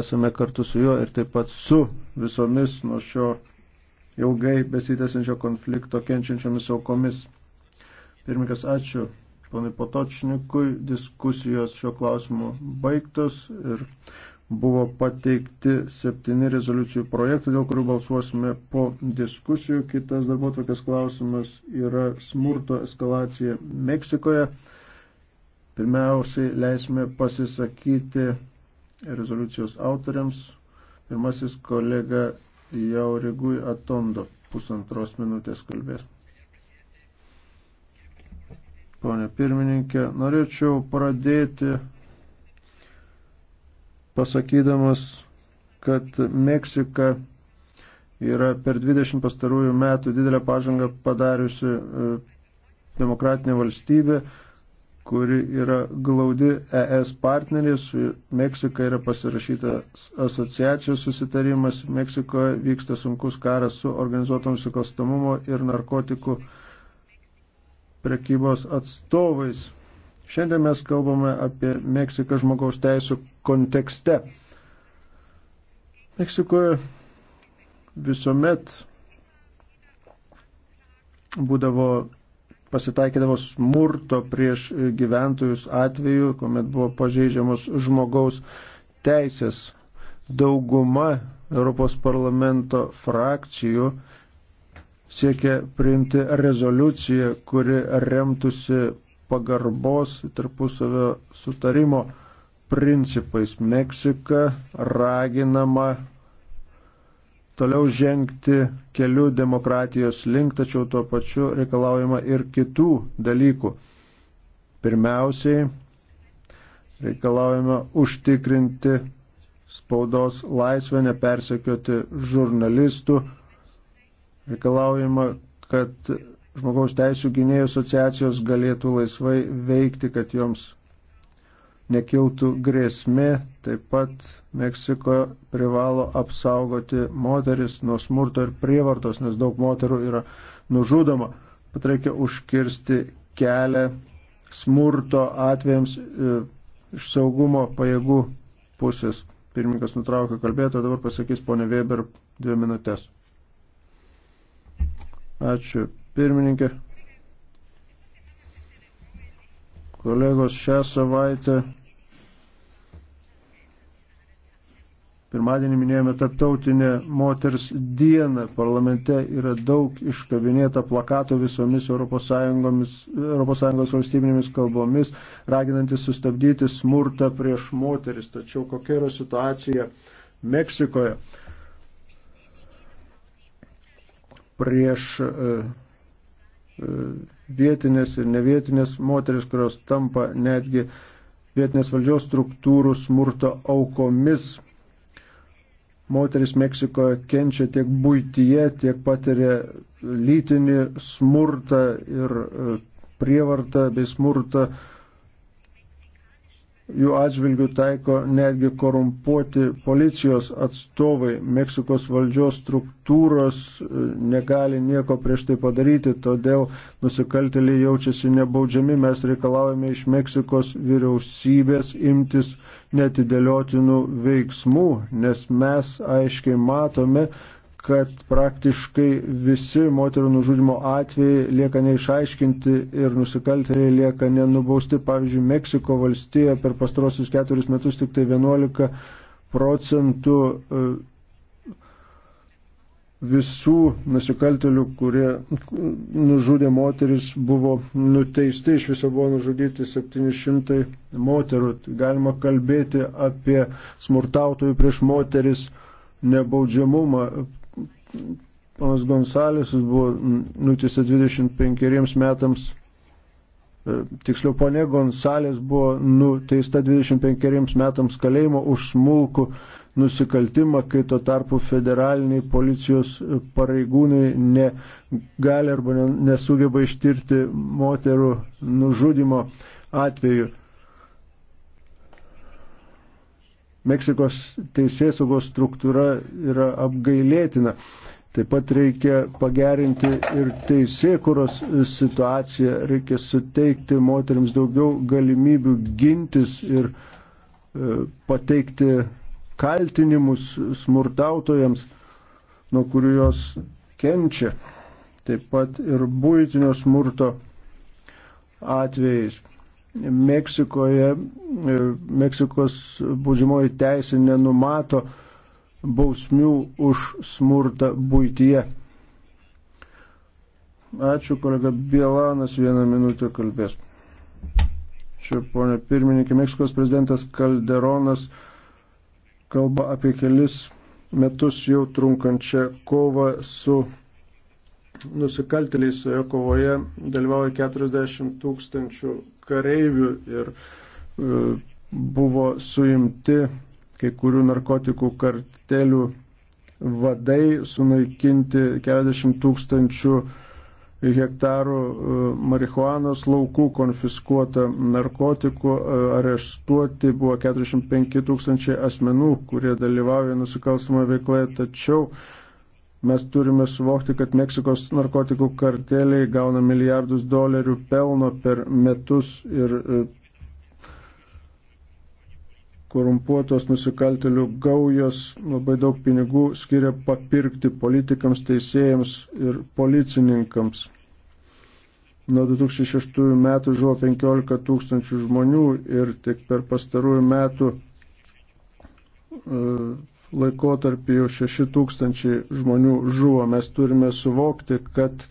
esame kartu su juo ir taip pat su visomis nuo šio ilgai besitęsiančio konflikto kenčiančiomis aukomis. Pirmininkas, ačiū ponui Potočnikui, diskusijos šio klausimu baigtos ir buvo pateikti septyni rezoliucijų projektai, dėl kurių balsuosime po diskusijų. Kitas darbo tokias klausimas yra smurto eskalacija Meksikoje. Pirmiausiai leisime pasisakyti rezoliucijos autoriams. Pirmasis kolega Jaurigui Atondo pusantros minutės kalbės. Pone pirmininkė, norėčiau pradėti pasakydamas, kad Meksika yra per 20 pastarųjų metų didelę pažangą padariusi e, demokratinė valstybė kuri yra glaudi ES partneriai, su Meksika yra pasirašytas asociacijos susitarimas, Meksikoje vyksta sunkus karas su organizuotom sikostamumo ir narkotikų prekybos atstovais. Šiandien mes kalbame apie Meksiką žmogaus teisų kontekste. Meksikoje visuomet būdavo pasitaikydavo smurto prieš gyventojus atveju, kuomet buvo pažeidžiamos žmogaus teisės. Dauguma Europos parlamento frakcijų siekia priimti rezoliuciją, kuri remtųsi pagarbos tarpusavio sutarimo principais. Meksika raginama toliau žengti keliu demokratijos link, tačiau tuo pačiu reikalaujama ir kitų dalykų. Pirmiausiai reikalaujama užtikrinti spaudos laisvę, nepersekioti žurnalistų. Reikalaujama, kad žmogaus teisų gynėjų asociacijos galėtų laisvai veikti, kad joms nekiltų grėsmė, taip pat Meksiko privalo apsaugoti moteris nuo smurto ir prievartos, nes daug moterų yra nužudoma. Pat reikia užkirsti kelią smurto atvejams e, iš saugumo pajėgų pusės. Pirmininkas nutraukė kalbėtą, dabar pasakys ponė Weber dvi minutės. Ačiū. Pirmininkė kolegos šią savaitę Pirmadienį minėjome Tarptautinę moters dieną. Parlamente yra daug iškabinėta plakato visomis ES valstybinėmis kalbomis, raginantis sustabdyti smurtą prieš moteris. Tačiau kokia yra situacija Meksikoje? Prieš e, e, vietinės ir nevietinės moteris, kurios tampa netgi vietinės valdžios struktūrų smurto aukomis moteris Meksikoje kenčia tiek būtyje, tiek patiria lytinį smurtą ir e, prievartą bei smurtą. Jų atžvilgių taiko netgi korumpuoti policijos atstovai. Meksikos valdžios struktūros e, negali nieko prieš tai padaryti, todėl nusikaltėliai jaučiasi nebaudžiami. Mes reikalavome iš Meksikos vyriausybės imtis uh, netidėliotinų veiksmų, nes mes aiškiai matome, kad praktiškai visi moterų nužudimo atvejai lieka neišaiškinti ir nusikaltėliai lieka nenubausti. Pavyzdžiui, Meksiko valstija per pastarosius keturis metus tik tai 11 procentų e, visų nusikaltelių, kurie nužudė moteris, buvo nuteisti, iš viso buvo nužudyti 700 moterų. Galima kalbėti apie smurtautojų prieš moteris nebaudžiamumą. Panas Gonsalėsas buvo nuteistas 25 metams E, tiksliau ponė Gonsalės buvo nuteista 25 metams kalėjimo už smulkų nusikaltimą, kai tuo tarpu federaliniai policijos pareigūnai negali arba nesugeba ištirti moterų nužudimo atveju. Meksikos teisėsaugos struktūra yra apgailėtina. Taip pat reikia pagerinti ir teisėkuros situaciją, reikia suteikti moteriams daugiau galimybių gintis ir e, pateikti kaltinimus smurtautojams, nuo kurių jos kenčia. Taip pat ir būtinio smurto atvejais. Meksikoje, e, Meksikos būdžimoji teisė nenumato bausmių už smurtą būtyje. Ačiū, kolega Bielanas, vieną minutę kalbės. Čia, ponė pirmininkė, Meksikos prezidentas Kalderonas kalba apie kelis metus jau trunkančią kovą su nusikaltėliais. Joje kovoje dalyvauja 40 tūkstančių kareivių ir e, buvo suimti kai kurių narkotikų kartelių vadai sunaikinti 40 tūkstančių hektarų e, marihuanos laukų konfiskuota narkotikų, e, areštuoti buvo 45 tūkstančiai asmenų, kurie dalyvauja nusikalstama veikloje, tačiau mes turime suvokti, kad Meksikos narkotikų karteliai gauna milijardus dolerių pelno per metus ir e, korumpuotos nusikaltelių gaujos labai daug pinigų skiria papirkti politikams, teisėjams ir policininkams. Nuo 2006 metų žuvo 15 tūkstančių žmonių ir tik per pastarųjų metų e, laikotarpį jau 6 tūkstančiai žmonių žuvo. Mes turime suvokti, kad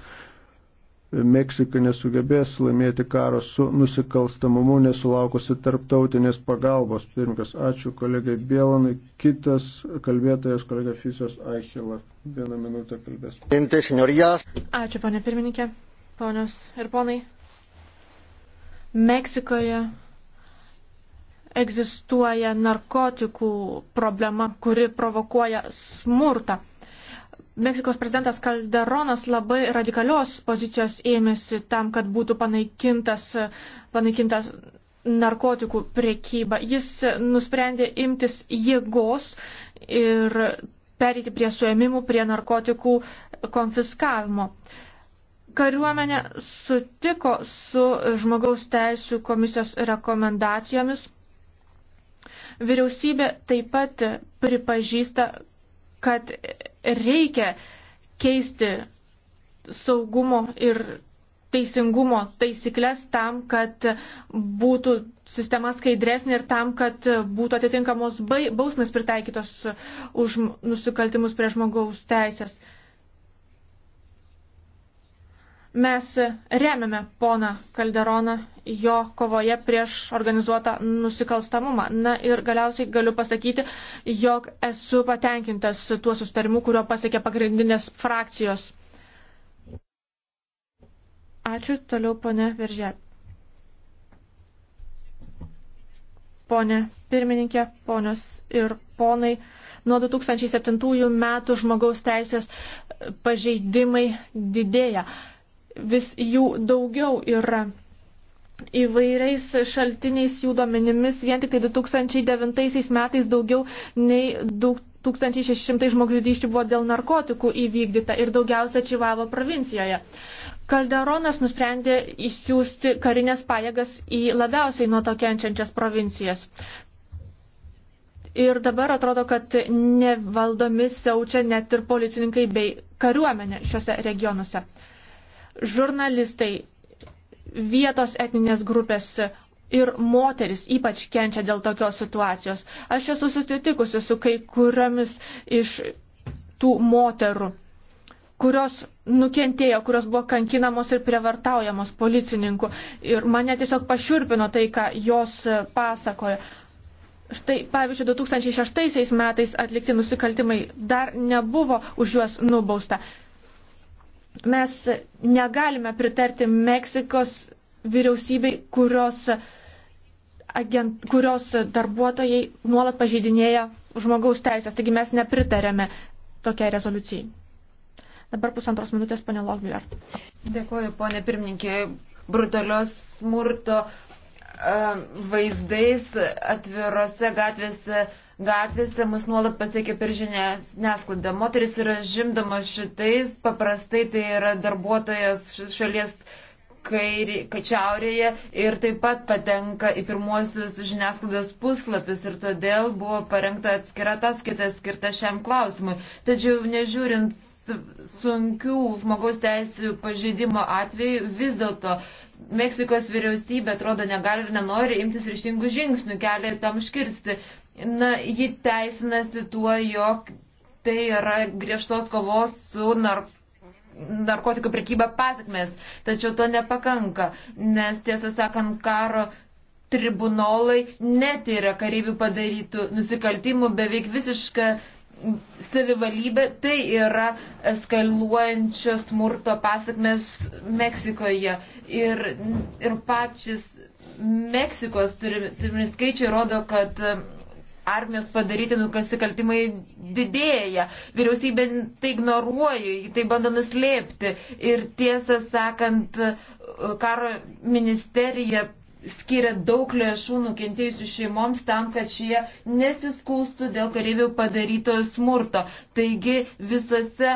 Meksika nesugebės laimėti karo su nusikalstamumu, nesulaukusi tarptautinės pagalbos. Pirmkas, ačiū kolegai Bielanui. Kitas kalbėtojas, kolega Fisijos Aichila. Vieną minutę kalbės. Ačiū, ponė pirmininkė, ponios ir ponai. Meksikoje egzistuoja narkotikų problema, kuri provokuoja smurtą. Meksikos prezidentas Kalderonas labai radikalios pozicijos ėmėsi tam, kad būtų panaikintas, panaikintas narkotikų priekyba. Jis nusprendė imtis jėgos ir perėti prie suėmimų, prie narkotikų konfiskavimo. Kariuomenė sutiko su žmogaus teisų komisijos rekomendacijomis. Vyriausybė taip pat pripažįsta, kad reikia keisti saugumo ir teisingumo taisyklės tam, kad būtų sistema skaidresnė ir tam, kad būtų atitinkamos bausmės pritaikytos už nusikaltimus prie žmogaus teisės. Mes remiame poną Kalderoną jo kovoje prieš organizuotą nusikalstamumą. Na ir galiausiai galiu pasakyti, jog esu patenkintas tuo sustarimu, kurio pasiekė pagrindinės frakcijos. Ačiū, toliau pone Veržet. Pone pirmininkė, ponios ir ponai, nuo 2007 metų žmogaus teisės pažeidimai didėja vis jų daugiau yra. Įvairiais šaltiniais jų duomenimis vien tik tai 2009 metais daugiau nei 2600 žmogžudyščių buvo dėl narkotikų įvykdyta ir daugiausia Čivavo provincijoje. Kalderonas nusprendė įsiųsti karinės pajėgas į labiausiai nuo to kenčiančias provincijas. Ir dabar atrodo, kad nevaldomi siaučia net ir policininkai bei kariuomenė šiuose regionuose. Žurnalistai, vietos etninės grupės ir moteris ypač kenčia dėl tokios situacijos. Aš esu susitikusi su kai kuriamis iš tų moterų, kurios nukentėjo, kurios buvo kankinamos ir prievartaujamos policininkų. Ir mane tiesiog pašiurpino tai, ką jos pasakojo. Štai, pavyzdžiui, 2006 metais atlikti nusikaltimai dar nebuvo už juos nubausta. Mes negalime pritarti Meksikos vyriausybei, kurios, agent, kurios darbuotojai nuolat pažeidinėja žmogaus teisės. Taigi mes nepritarėme tokiai rezoliucijai. Dabar pusantros minutės, ponė Logviler. Dėkuoju, ponė pirmininkė. Brutalios smurto vaizdais atvirose gatvėse. Gatvėse mus nuolat pasiekia per žinias nesklaidą. Moteris yra žimdoma šitais, paprastai tai yra darbuotojas šalies kairį, kačiaurėje ir taip pat patenka į pirmuosius žiniasklaidos puslapius ir todėl buvo parengta atskira ataskaita skirta šiam klausimui. Tačiau nežiūrint sunkių žmogaus teisų pažeidimo atveju, vis dėlto Meksikos vyriausybė atrodo negali ir nenori imtis ryštingų žingsnių kelią tam škirsti. Na, ji teisinasi tuo, jog tai yra griežtos kovos su narkotikais narkotikų prekyba pasiekmes, tačiau to nepakanka, nes tiesą sakant, karo tribunolai netyria kareivių padarytų nusikaltimų, beveik visiška savivalybė, tai yra eskaluojančio smurto pasakmes Meksikoje. Ir, ir pačias Meksikos turimi, turimi skaičiai rodo, kad um, armijos padaryti nusikaltimai didėja. Vyriausybė tai ignoruoja, tai bando nuslėpti. Ir tiesą sakant, karo ministerija skiria daug lėšų nukentėjusių šeimoms tam, kad šie nesiskūstų dėl kareivių padaryto smurto. Taigi visose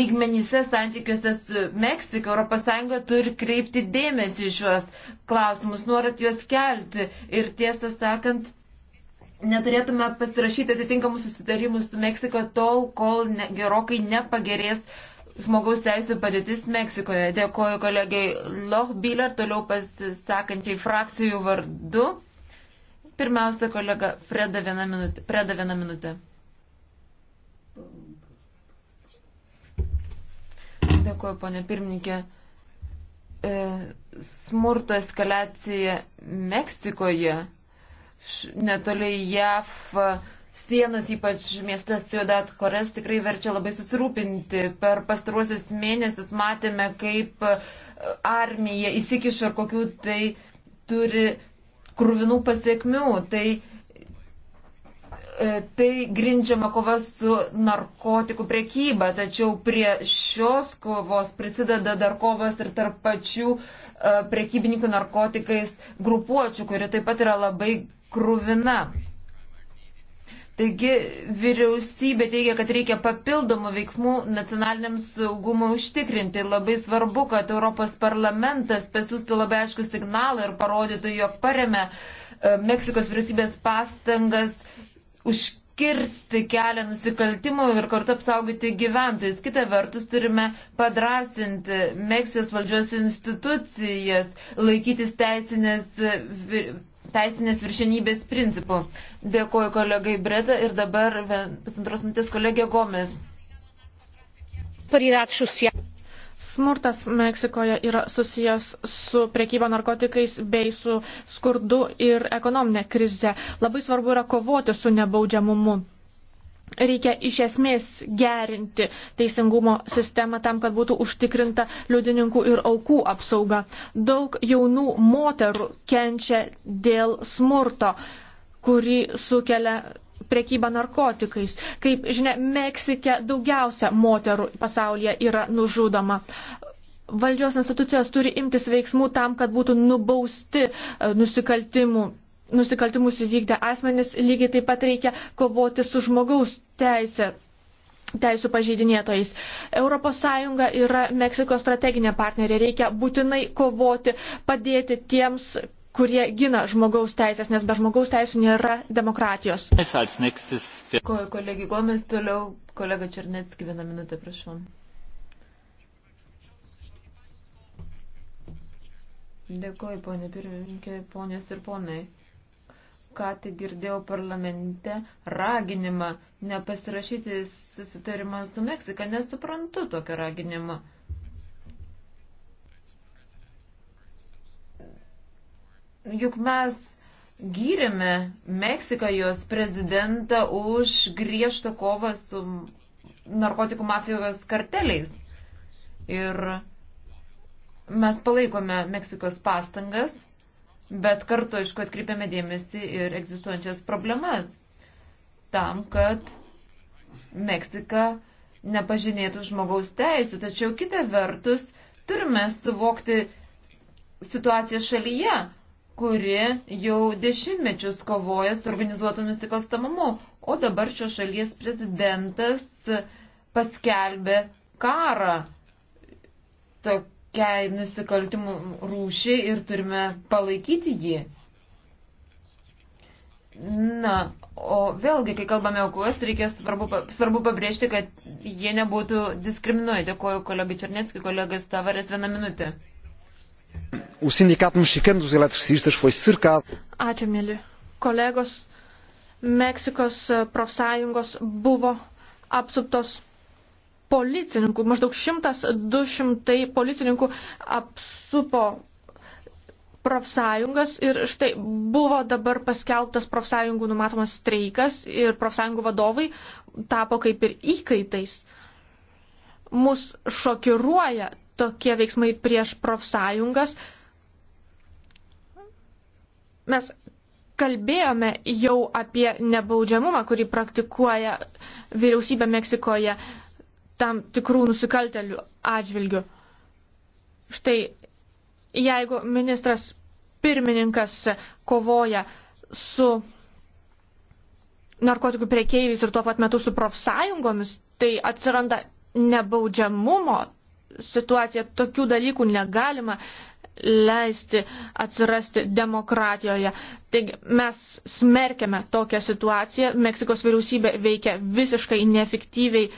lygmenyse santykiuose su Meksika ES turi kreipti dėmesį šios klausimus, norat juos kelti ir tiesą sakant. Neturėtume pasirašyti atitinkamus susitarimus su Meksika tol, kol ne, gerokai nepagerės uh, žmogaus teisų padėtis Meksikoje. Dėkoju kolegiai Lochbiller, toliau pasisakantiai frakcijų vardu. Pirmiausia, kolega Freda vieną minutę. Freda vieną minutę. Dėkoju, ponė pirmininkė. E, smurto eskalacija Meksikoje, netoli JAV sienos, ypač miestas Ciudad Kores, tikrai verčia labai susirūpinti. Per pastaruosius mėnesius matėme, kaip e, armija įsikiša ir kokių tai turi krūvinų pasiekmių. Tai, e, tai grindžiama kova su narkotikų priekyba, tačiau prie šios kovos prisideda dar kovas ir tarp pačių e, priekybininkų narkotikais grupuočių, kuri taip pat yra labai krūvina. Taigi vyriausybė teigia, kad reikia papildomų veiksmų nacionaliniam saugumui užtikrinti. Labai svarbu, kad Europos parlamentas pasiūstų labai aišku signalą ir parodytų, jog paremė e, Meksikos vyriausybės pastangas užkirsti kelią nusikaltimų ir kartu apsaugoti gyventojus. Kita vertus, turime padrasinti Meksikos valdžios institucijas, laikytis teisinės e, teisinės viršenybės principų. Dėkuoju kolegai Breda ir dabar pusantros mintis kolegė Gomes. Smurtas Meksikoje yra susijęs su priekyba narkotikais bei su skurdu ir ekonominė krize. Labai svarbu yra kovoti su nebaudžiamumu reikia iš esmės gerinti teisingumo sistemą tam, kad būtų užtikrinta liudininkų ir aukų apsauga. Daug jaunų moterų kenčia dėl smurto, kurį sukelia prekyba narkotikais. Kaip žinia, Meksike daugiausia moterų pasaulyje yra nužudoma. Valdžios institucijos turi imtis veiksmų tam, kad būtų nubausti e, nusikaltimų nusikaltimus įvykdę asmenys, lygiai taip pat reikia kovoti su žmogaus teisė. Teisų pažeidinėtojais. ES yra Meksikos strateginė partnerė. Reikia būtinai kovoti, padėti tiems, kurie gina žmogaus teisės, nes be žmogaus teisų nėra demokratijos. Dėkuoju kolegi Gomes, toliau kolega Černetski, vieną minutę prašau. Dėkuoju, ponė pirmininkė, ponės ir ponai ką tik girdėjau parlamente raginimą nepasirašyti susitarimą su Meksika. Nesuprantu tokio raginimo. Juk mes gyrėme Meksiką jos prezidentą už griežtą kovą su narkotikų mafijos karteliais. Ir mes palaikome Meksikos pastangas bet kartu, aišku, atkreipiame dėmesį ir egzistuojančias problemas tam, kad Meksika nepažinėtų žmogaus teisų. Tačiau kita vertus, turime suvokti situaciją šalyje, kuri jau dešimtmečius kovoja su organizuotu nusikalstamumu. O dabar šios šalies prezidentas paskelbė karą. Tok tokiai nusikaltimų rūšiai ir turime palaikyti jį. Na, o vėlgi, kai kalbame aukas, reikia svarbu, svarbu pabrėžti, kad jie nebūtų diskriminuoja. Dėkuoju kolegai Černetskiui, kolegai Stavarės vieną minutę. O sindicato mexicano dos eletricistas foi cercado. Ačiū, mėly kolegos. Meksikos profsąjungos buvo apsuptos policininkų, maždaug 100-200 policininkų apsupo profsąjungas ir štai buvo dabar paskelbtas profsąjungų numatomas streikas ir profsąjungų vadovai tapo kaip ir įkaitais. Mus šokiruoja tokie veiksmai prieš profsąjungas. Mes kalbėjome jau apie nebaudžiamumą, kurį praktikuoja vyriausybė Meksikoje tam tikrų nusikaltelių atžvilgių. Štai jeigu ministras pirmininkas kovoja su narkotikų priekeiviais ir tuo pat metu su profsąjungomis, tai atsiranda nebaudžiamumo situacija. Tokių dalykų negalima leisti atsirasti demokratijoje. Taigi mes smerkėme tokią situaciją. Meksikos vyriausybė veikia visiškai neefektyviai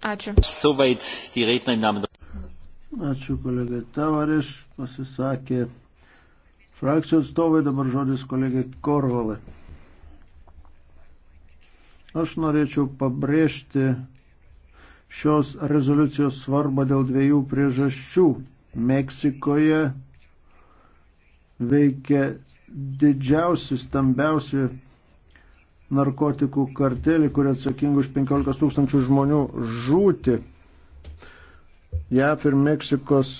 Ačiū. Suvait, tyreitinai namdo. Ačiū kolegai Tavariš, pasisakė frakcijos atstovai, dabar žodis kolegai Korvalai. Aš norėčiau pabrėžti šios rezoliucijos svarbą dėl dviejų priežasčių. Meksikoje veikia didžiausi, stambiausi narkotikų kartelį, kurie atsakingi už 15 tūkstančių žmonių žūti. JAF ir Meksikos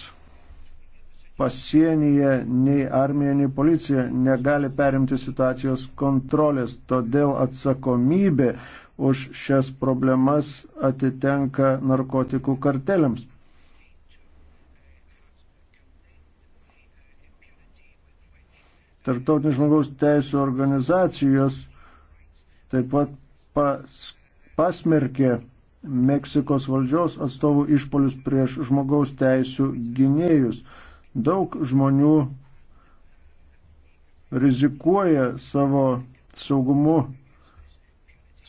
pasienyje nei armija, nei policija negali perimti situacijos kontrolės, todėl atsakomybė už šias problemas atitenka narkotikų kartelėms. Tarptautinis žmogaus teisų organizacijos taip pat pas, pasmerkė Meksikos valdžios atstovų išpolius prieš žmogaus teisų gynėjus. Daug žmonių rizikuoja savo saugumu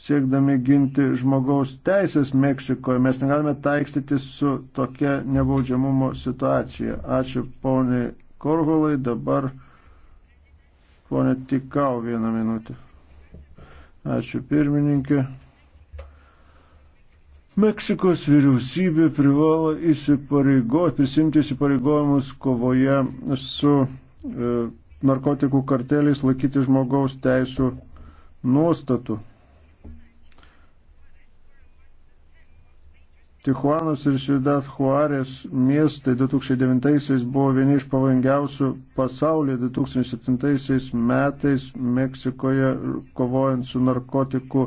siekdami ginti žmogaus teisės Meksikoje. Mes negalime taikstytis su tokia nebaudžiamumo situacija. Ačiū poniai Korholai, dabar ponė Tikau vieną minutę. Ačiū pirmininkė. Meksikos vyriausybė privalo įsipareigoti, prisimti įsipareigojimus kovoje su e, narkotikų karteliais laikyti žmogaus teisų nuostatų. Tijuanos ir Ciudad Juarės miestai 2009-aisiais buvo vieni iš pavojingiausių pasaulyje 2007-aisiais metais Meksikoje kovojant su narkotikų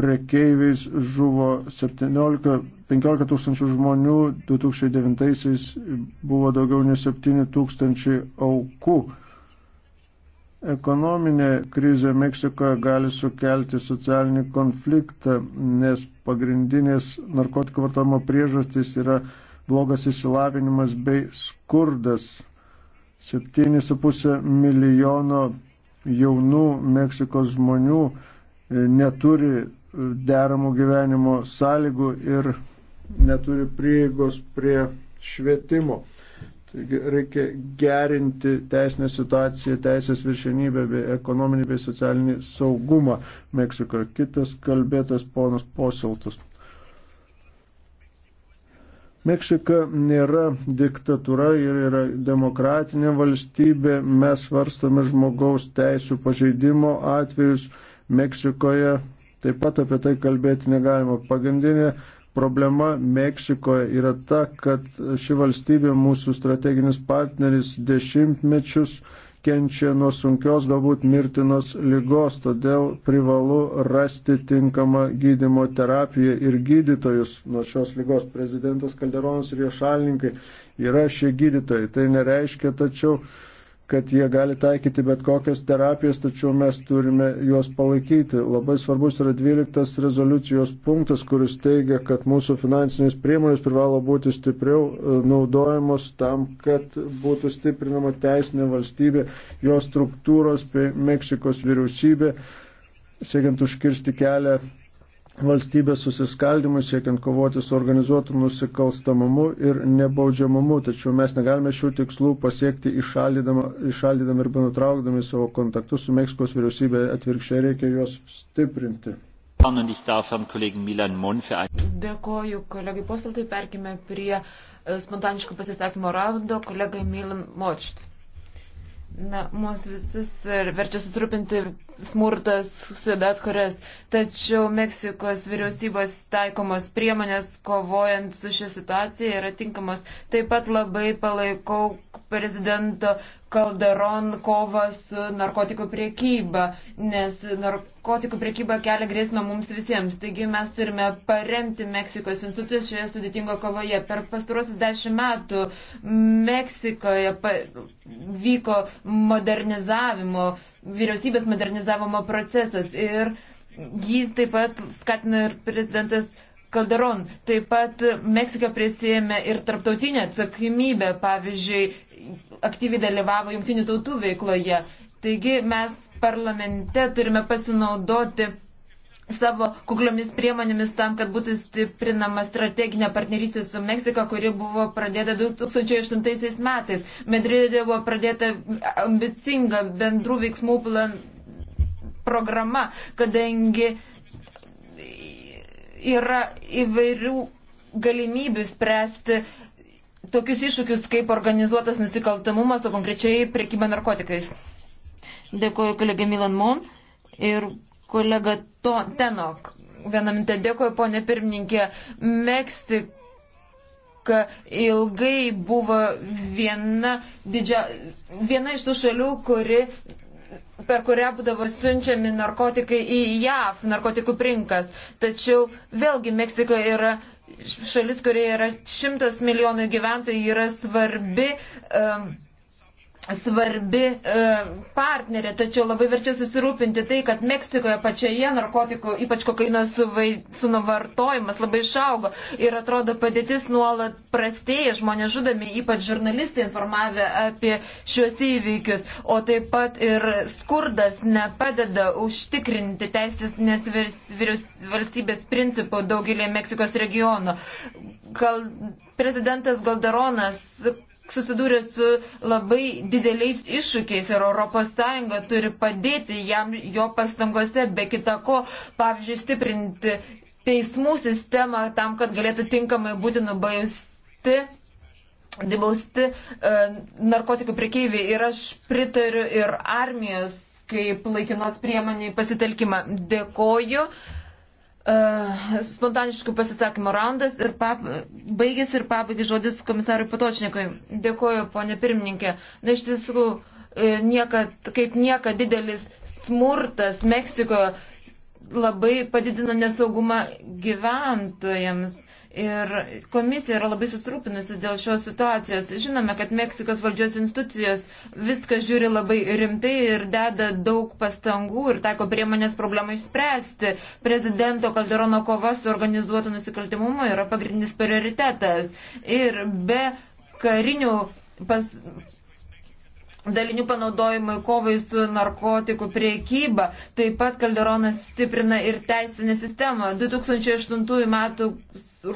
prekeiviais žuvo 17-15 tūkstančių žmonių, 2009-aisiais buvo daugiau nei 7 tūkstančiai aukų. Ekonominė krizė Meksikoje gali sukelti socialinį konfliktą, nes pagrindinės narkotikų vartojimo priežastys yra blogas įsilavinimas bei skurdas. 7,5 milijono jaunų Meksikos žmonių e, neturi e, deramų gyvenimo sąlygų ir neturi prieigos prie švietimo. Taigi reikia gerinti teisinę situaciją, teisės viršenybę bei ekonominį bei socialinį saugumą Meksikoje. Kitas kalbėtas ponas Posiltus. Meksika nėra diktatūra ir yra demokratinė valstybė. Mes varstame žmogaus teisų pažeidimo atvejus Meksikoje. Taip pat apie tai kalbėti negalima. Pagrindinė Problema Meksikoje yra ta, kad ši valstybė mūsų strateginis partneris dešimtmečius kenčia nuo sunkios, galbūt mirtinos lygos, todėl privalu rasti tinkamą gydimo terapiją ir gydytojus nuo šios lygos. Prezidentas Kalderonas ir jo šalininkai yra šie gydytojai. Tai nereiškia tačiau, kad jie gali taikyti bet kokias terapijas, tačiau mes turime juos palaikyti. Labai svarbus yra 12 rezoliucijos punktas, kuris teigia, kad mūsų finansinės priemonės privalo būti stipriau e, naudojamos tam, kad būtų stiprinama teisinė valstybė, jos struktūros bei Meksikos vyriausybė, siekiant užkirsti kelią valstybės susiskaldimui, siekiant kovoti su organizuotu nusikalstamumu ir nebaudžiamumu. Tačiau mes negalime šių tikslų pasiekti išaldydami arba nutraukdami savo kontaktus su Meksikos vyriausybė. Atvirkščiai reikia juos stiprinti. Dėkoju kolegai posaltai, perkime prie e, spontaniškų pasisakymo raundo, kolega Milan Močt. Na, mūsų visus e, verčia susirūpinti smurtas sudat kurias. Tačiau Meksikos vyriausybės taikomos priemonės kovojant su šią situaciją yra tinkamos. Taip pat labai palaikau prezidento Kalderon kovą su narkotikų priekyba, nes narkotikų priekyba kelia grėsmę mums visiems. Taigi mes turime paremti Meksikos institucijos šioje sudėtingo kovoje. Per pastarosius dešimt metų Meksikoje vyko modernizavimo, vyriausybės modernizavimo modernizavimo procesas ir jį taip pat skatino ir prezidentas Kalderon. Taip pat Meksika prisėmė ir tarptautinę atsakomybę, pavyzdžiui, aktyviai dalyvavo jungtinių tautų veikloje. Taigi mes parlamente turime pasinaudoti savo kukliomis priemonėmis tam, kad būtų stiprinama strateginė partnerystė su Meksika, kuri buvo pradėta 2008 metais. Madride buvo pradėta ambicinga bendrų veiksmų plan, programa, kadangi yra įvairių galimybių spręsti tokius iššūkius kaip organizuotas nusikaltamumas, o konkrečiai priekyba narkotikais. Dėkuoju kolega Milan Mon ir kolega To Tenok. Vieną mintę dėkuoju, ponė pirmininkė. Meksika ilgai buvo viena, didžia, viena iš tų šalių, kuri per kurią būdavo siunčiami narkotikai į JAV narkotikų rinkas. Tačiau vėlgi Meksiko yra šalis, kurioje yra šimtas milijonų gyventojų, yra svarbi um, svarbi e, partnerė, tačiau labai verčia susirūpinti tai, kad Meksikoje pačioje narkotikų, ypač kokaino sunavartojimas labai išaugo ir atrodo padėtis nuolat prastėja, žmonės žudami, ypač žurnalistai informavę apie šiuos įvykius, o taip pat ir skurdas nepadeda užtikrinti teisės nes valstybės principų daugelį Meksikos regionų. Gal prezidentas Galdaronas susidūrė su labai dideliais iššūkiais ir ES turi padėti jam jo pastangose, be kita ko, pavyzdžiui, stiprinti teismų sistemą tam, kad galėtų tinkamai būti nubausti. Dibausti e, narkotikų priekeiviai ir aš pritariu ir armijos kaip laikinos priemoniai pasitelkimą. Dėkoju. Uh, spontaniškų pasisakymų raundas ir pap, baigėsi ir pabaigai žodis komisarui Patočnikui. Dėkuoju, ponė pirmininkė. Na, iš tiesų, e, niekad, kaip niekad didelis smurtas Meksikoje labai padidino nesaugumą gyventojams. Ir komisija yra labai susirūpinusi dėl šios situacijos. Žinome, kad Meksikos valdžios institucijos viską žiūri labai rimtai ir deda daug pastangų ir taiko priemonės problemą išspręsti. Prezidento Kalderono kova su organizuotu nusikaltimumu yra pagrindinis prioritetas. Ir be karinių pas, dalinių panaudojimai kovai su narkotikų priekyba. Taip pat Kalderonas stiprina ir teisinę sistemą. 2008 m.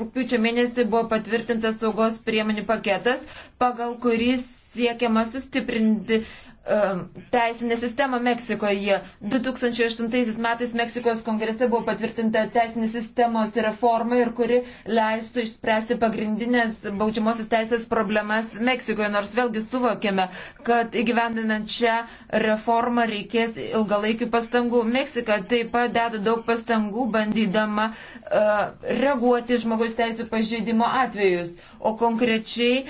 rūpiučio mėnesį buvo patvirtintas saugos priemonių paketas, pagal kurį siekiama sustiprinti Um, teisinę sistemą Meksikoje. 2008 metais Meksikos kongrese buvo patvirtinta teisinės sistemos reforma ir kuri leistų išspręsti pagrindinės baudžiamosios teisės problemas Meksikoje, nors vėlgi suvokėme, kad įgyvendinant šią reformą reikės ilgalaikių pastangų. Meksika taip pat deda daug pastangų bandydama uh, reaguoti žmogaus teisų pažeidimo atvejus, o konkrečiai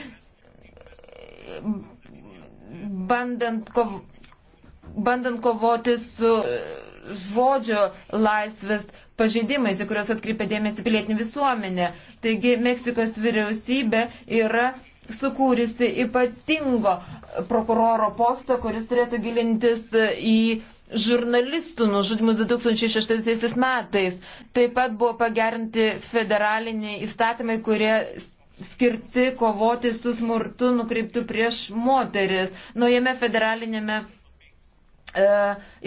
uh, bandant, kov, bandant kovoti su žodžio laisvės pažeidimais, į kuriuos atkreipia dėmesį pilietinė visuomenė. Taigi Meksikos vyriausybė yra sukūrisi ypatingo prokuroro postą, kuris turėtų gilintis į žurnalistų nužudimus 2006 metais. Taip pat buvo pagerinti federaliniai įstatymai, kurie skirti kovoti su smurtu nukreiptų prieš moteris. Naujame federalinėme e,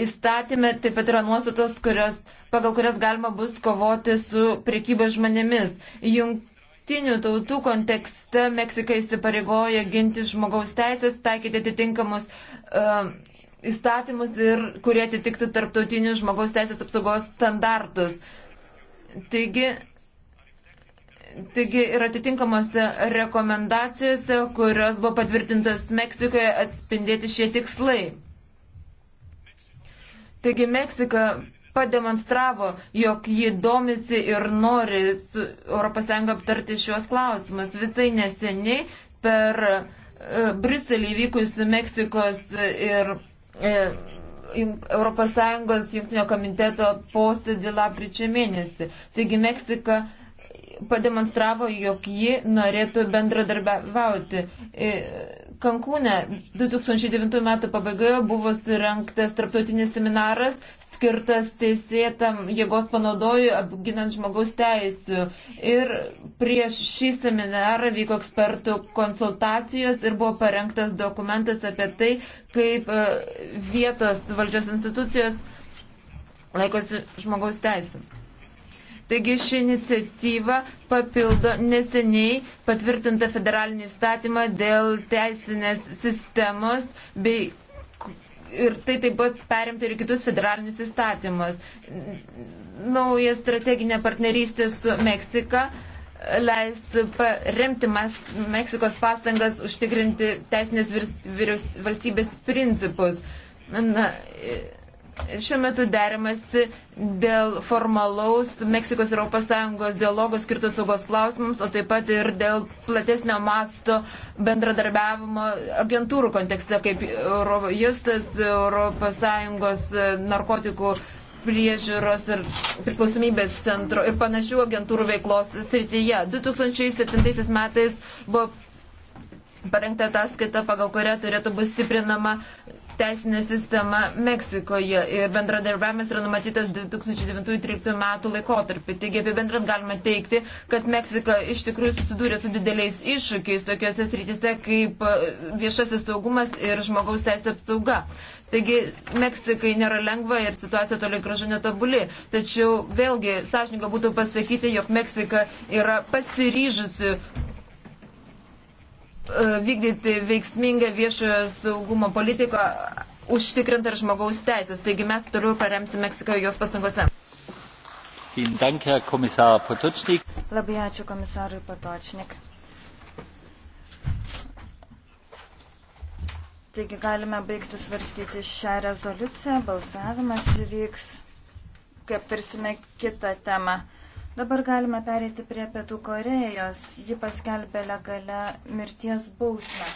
įstatymė taip pat yra nuostatos, kurios, pagal kurias galima bus kovoti su priekyba žmonėmis. Jung Jungtinių tautų kontekste Meksika įsipareigoja ginti žmogaus teisės, taikyti atitinkamus uh, įstatymus ir kurie atitiktų tarptautinius žmogaus teisės apsaugos standartus. Taigi, Taigi ir atitinkamose rekomendacijose, kurios buvo patvirtintas Meksikoje, atspindėti šie tikslai. Taigi Meksika pademonstravo, jog ji domisi ir nori su ES aptarti šios klausimus. Visai neseniai per e, Briuselį įvykusi Meksikos ir e, ES jungtinio komiteto posėdį lapkričio mėnesį. Taigi Meksika pademonstravo, jog ji norėtų bendradarbiauti. E, Kankūne 2009 metų pabaigoje buvo surinktas tarptautinis seminaras skirtas teisėtam jėgos panaudojui apginant žmogaus teisų. Ir prieš šį seminarą vyko ekspertų konsultacijos ir buvo parengtas dokumentas apie tai, kaip e, vietos valdžios institucijos laikosi žmogaus teisų. Taigi ši iniciatyva papildo neseniai patvirtintą federalinį įstatymą dėl teisinės sistemos bei ir tai taip pat perimti ir kitus federalinius įstatymus. Nauja strateginė partnerystė su Meksika leis remti Meksikos pastangas užtikrinti teisinės valstybės principus. Na, šiuo metu derimasi dėl formalaus Meksikos ir ES dialogo skirtos saugos klausimams, o taip pat ir dėl platesnio masto bendradarbiavimo agentūrų kontekste, kaip Eurojustas, ES narkotikų priežiūros ir priklausomybės centro ir panašių agentūrų veiklos srityje. 2007 metais buvo parengta ataskaita, pagal kurią turėtų būti stiprinama teisinė sistema Meksikoje ir bendradarbiavimas yra numatytas 2009-2013 metų laikotarpį. Taigi apie bendrad galima teikti, kad Meksika iš tikrųjų susidūrė su dideliais iššūkiais tokiuose srityse kaip e, viešasis saugumas ir žmogaus teisė apsauga. Taigi Meksikai nėra lengva ir situacija toli gražu netobuli. Tačiau vėlgi sąžininkai būtų pasakyti, jog Meksika yra pasiryžusi E, vykdyti veiksmingą viešojo saugumo politiką, užtikrint ir žmogaus teisės. Taigi mes toliau paremsime Meksiką jos pastangose. Labai ačiū komisarui Patočnik. Taigi galime baigti svarstyti šią rezoliuciją, balsavimas įvyks, kaip tarsime kitą temą. Dabar galime perėti prie Pietų Korejos. Ji paskelbė legalę mirties bausmę.